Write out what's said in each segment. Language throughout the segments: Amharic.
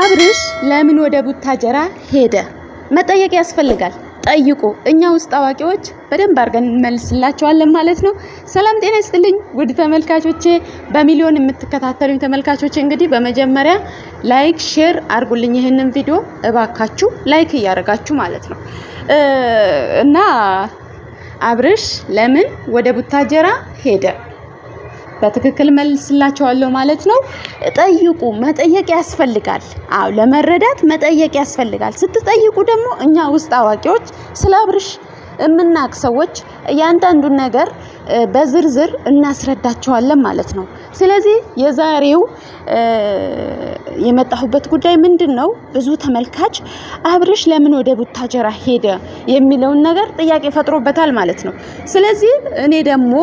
አብርሽ ለምን ወደ ቡታጀራ ሄደ? መጠየቅ ያስፈልጋል። ጠይቁ። እኛ ውስጥ አዋቂዎች በደንብ አድርገን እንመልስላቸዋለን ማለት ነው። ሰላም ጤና ይስጥልኝ ውድ ተመልካቾቼ፣ በሚሊዮን የምትከታተሉኝ ተመልካቾቼ፣ እንግዲህ በመጀመሪያ ላይክ ሼር አድርጉልኝ ይህንን ቪዲዮ እባካችሁ፣ ላይክ እያደረጋችሁ ማለት ነው እና አብርሽ ለምን ወደ ቡታጀራ ሄደ? በትክክል መልስላቸዋለሁ ማለት ነው። ጠይቁ፣ መጠየቅ ያስፈልጋል። አዎ ለመረዳት መጠየቅ ያስፈልጋል። ስትጠይቁ ደግሞ እኛ ውስጥ አዋቂዎች ስለ አብርሽ ሰዎች እያንዳንዱን ነገር በዝርዝር እናስረዳቸዋለን ማለት ነው። ስለዚህ የዛሬው የመጣሁበት ጉዳይ ምንድን ነው? ብዙ ተመልካች አብርሽ ለምን ወደ ቡታጀራ ሄደ የሚለውን ነገር ጥያቄ ፈጥሮበታል ማለት ነው። ስለዚህ እኔ ደግሞ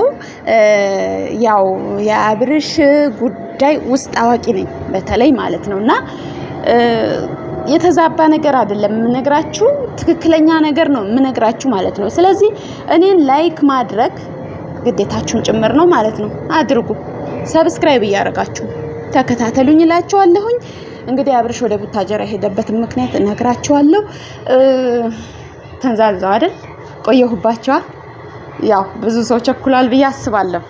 ያው የአብርሽ ጉዳይ ውስጥ አዋቂ ነኝ በተለይ ማለት ነው እና የተዛባ ነገር አይደለም የምነግራችሁ፣ ትክክለኛ ነገር ነው የምነግራችሁ ማለት ነው። ስለዚህ እኔን ላይክ ማድረግ ግዴታችሁን ጭምር ነው ማለት ነው። አድርጉ፣ ሰብስክራይብ እያደረጋችሁ ተከታተሉኝ እላቸዋለሁኝ። እንግዲህ አብርሽ ወደ ቡታጀራ የሄደበትን ምክንያት እነግራቸዋለሁ። ተንዛዘው አይደል ቆየሁባቸዋል። ያው ብዙ ሰው ቸኩሏል ብዬ አስባለሁ።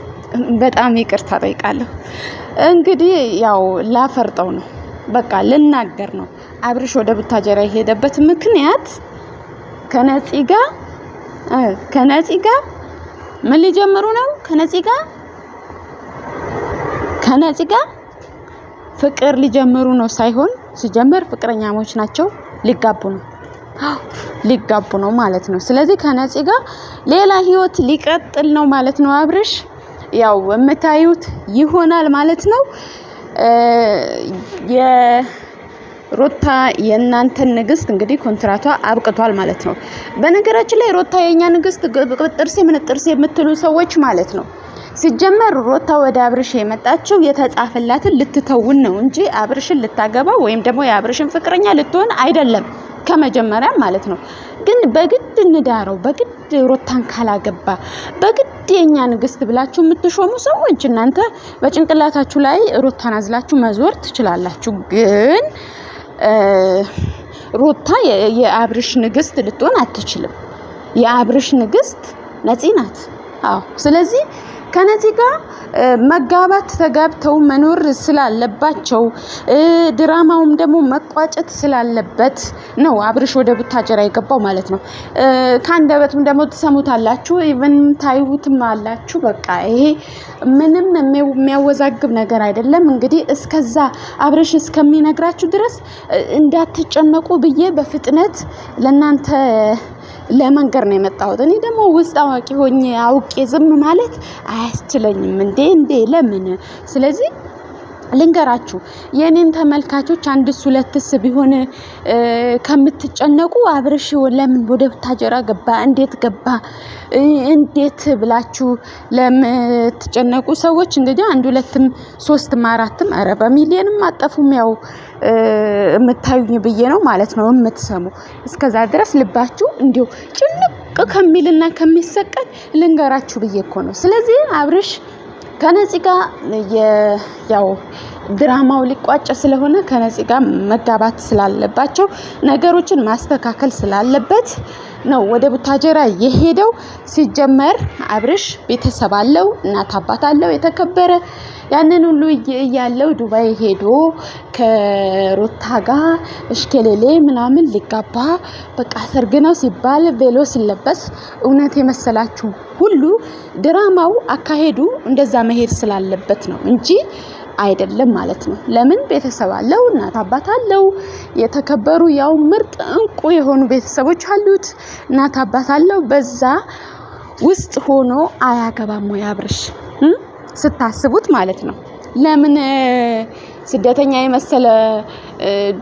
በጣም ይቅርታ ጠይቃለሁ። እንግዲህ ያው ላፈርጠው ነው፣ በቃ ልናገር ነው። አብርሽ ወደ ቡታጀራ የሄደበት ምክንያት ከነፂ ጋር ከነፂ ጋር ምን ሊጀምሩ ነው? ከነፂ ጋር ከነፂ ጋር ፍቅር ሊጀምሩ ነው ሳይሆን ሲጀምር ፍቅረኛሞች ናቸው፣ ሊጋቡ ነው ሊጋቡ ነው ማለት ነው። ስለዚህ ከነፂ ጋር ሌላ ህይወት ሊቀጥል ነው ማለት ነው። አብርሽ ያው የምታዩት ይሆናል ማለት ነው። የሮታ የእናንተን ንግስት እንግዲህ ኮንትራቷ አብቅቷል ማለት ነው። በነገራችን ላይ ሮታ የኛ ንግስት ምን ምንጥርሴ የምትሉ ሰዎች ማለት ነው ሲጀመር ሮታ ወደ አብርሽ የመጣችው የተጻፈላትን ልትተውን ነው እንጂ አብርሽን ልታገባ ወይም ደግሞ የአብርሽን ፍቅረኛ ልትሆን አይደለም፣ ከመጀመሪያም ማለት ነው። ግን በግድ እንዳረው በግድ ሮታን ካላገባ በግድ የኛ ንግስት ብላችሁ የምትሾሙ ሰዎች እናንተ በጭንቅላታችሁ ላይ ሮታን አዝላችሁ መዞር ትችላላችሁ ግን ሮታ የአብርሽ ንግስት ልትሆን አትችልም። የአብርሽ ንግስት ነፂ ናት። አዎ። ስለዚህ ከነዚህ ጋር መጋባት ተጋብተው መኖር ስላለባቸው ድራማውም ደግሞ መቋጨት ስላለበት ነው አብርሽ ወደ ቡታጀራ የገባው ማለት ነው። ከአንደበትም ደግሞ ትሰሙታላችሁ፣ ኢቨን ታዩትም አላችሁ። በቃ ይሄ ምንም የሚያወዛግብ ነገር አይደለም። እንግዲህ እስከዛ አብርሽ እስከሚነግራችሁ ድረስ እንዳትጨነቁ ብዬ በፍጥነት ለእናንተ ለመንገር ነው የመጣሁት። እኔ ደግሞ ውስጥ አዋቂ ሆኜ አውቄ ዝም ማለት አያስችለኝም። እንዴ እንዴ ለምን? ስለዚህ ልንገራችሁ የኔን ተመልካቾች አንድስ ሁለትስ ቢሆን ከምትጨነቁ አብርሽ ለምን ወደ ብታጀራ ገባ፣ እንዴት ገባ፣ እንዴት ብላችሁ ለምትጨነቁ ሰዎች እንግዲህ አንድ ሁለትም ሶስትም አራትም ኧረ በሚሊየንም አጠፉም ያው የምታዩኝ ብዬ ነው ማለት ነው የምትሰሙ እስከዛ ድረስ ልባችሁ እንዲሁ ጭንቅ ከሚልና ከሚሰቀል ልንገራችሁ ብዬ እኮ ነው። ስለዚህ አብርሽ ከነፂ ጋር ያው ድራማው ሊቋጭ ስለሆነ ከነፂ ጋር መጋባት ስላለባቸው ነገሮችን ማስተካከል ስላለበት ነው ወደ ቡታጀራ የሄደው። ሲጀመር አብርሽ ቤተሰብ አለው፣ እናት አባት አለው የተከበረ ያንን ሁሉ እያለው ዱባይ ሄዶ ከሩታ ጋር እሽኬሌሌ ምናምን ሊጋባ በቃ ሰርግ ነው ሲባል ቬሎ ሲለበስ እውነት የመሰላችሁ ሁሉ ድራማው አካሄዱ እንደዛ መሄድ ስላለበት ነው እንጂ አይደለም ማለት ነው። ለምን ቤተሰብ አለው፣ እናት አባት አለው፣ የተከበሩ ያው ምርጥ እንቁ የሆኑ ቤተሰቦች አሉት፣ እናት አባት አለው። በዛ ውስጥ ሆኖ አያገባም ወይ አብርሽ ስታስቡት ማለት ነው። ለምን ስደተኛ የመሰለ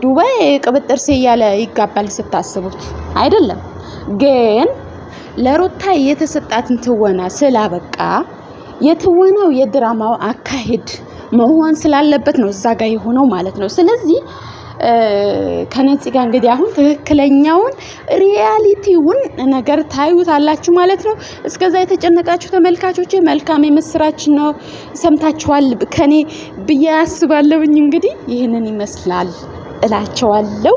ዱባይ ቅብጥርሴ እያለ ይጋባል ስታስቡት አይደለም። ግን ለሩታ የተሰጣትን ትወና ስላበቃ የትወናው የድራማው አካሄድ መሆን ስላለበት ነው እዛ ጋር የሆነው ማለት ነው። ስለዚህ ከነፂ ጋር እንግዲህ አሁን ትክክለኛውን ሪያሊቲውን ነገር ታዩታላችሁ ማለት ነው። እስከዛ የተጨነቃችሁ ተመልካቾች መልካም የምስራችን ነው ሰምታችኋል ከኔ ብዬ አስባለሁኝ። እንግዲህ ይህንን ይመስላል እላቸዋለሁ።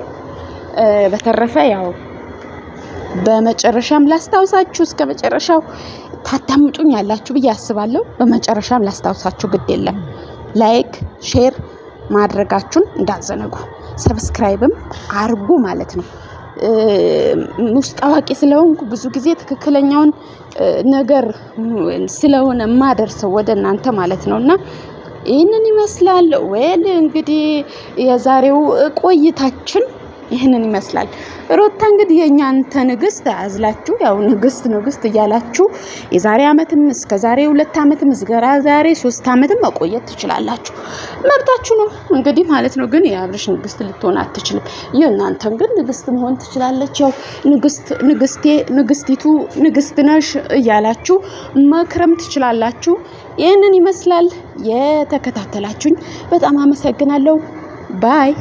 በተረፈ ያው በመጨረሻም ላስታውሳችሁ እስከ መጨረሻው ታዳምጡኝ ያላችሁ ብዬ አስባለሁ። በመጨረሻም ላስታውሳችሁ ግድ የለም ላይክ፣ ሼር ማድረጋችሁን እንዳዘነጉ ሰብስክራይብም አርጉ ማለት ነው። ውስጥ አዋቂ ስለሆንኩ ብዙ ጊዜ ትክክለኛውን ነገር ስለሆነ ማደርሰው ወደ እናንተ ማለት ነው እና ይህንን ይመስላል። ወል እንግዲህ የዛሬው ቆይታችን ይህንን ይመስላል። ሩታ እንግዲህ የእናንተ ንግስት አዝላችሁ ያው ንግስት ንግስት እያላችሁ የዛሬ አመትም እስከ ዛሬ ሁለት አመትም እስከ ዛሬ ሶስት አመትም መቆየት ትችላላችሁ። መብታችሁ ነው እንግዲህ ማለት ነው። ግን የአብርሽ ንግስት ልትሆን አትችልም። የእናንተም ግን ንግስት መሆን ትችላለች። ያው ንግስት ንግስቴ ንግስቲቱ ንግስት ነሽ እያላችሁ መክረም ትችላላችሁ። ይህንን ይመስላል። የተከታተላችሁኝ በጣም አመሰግናለሁ። ባይ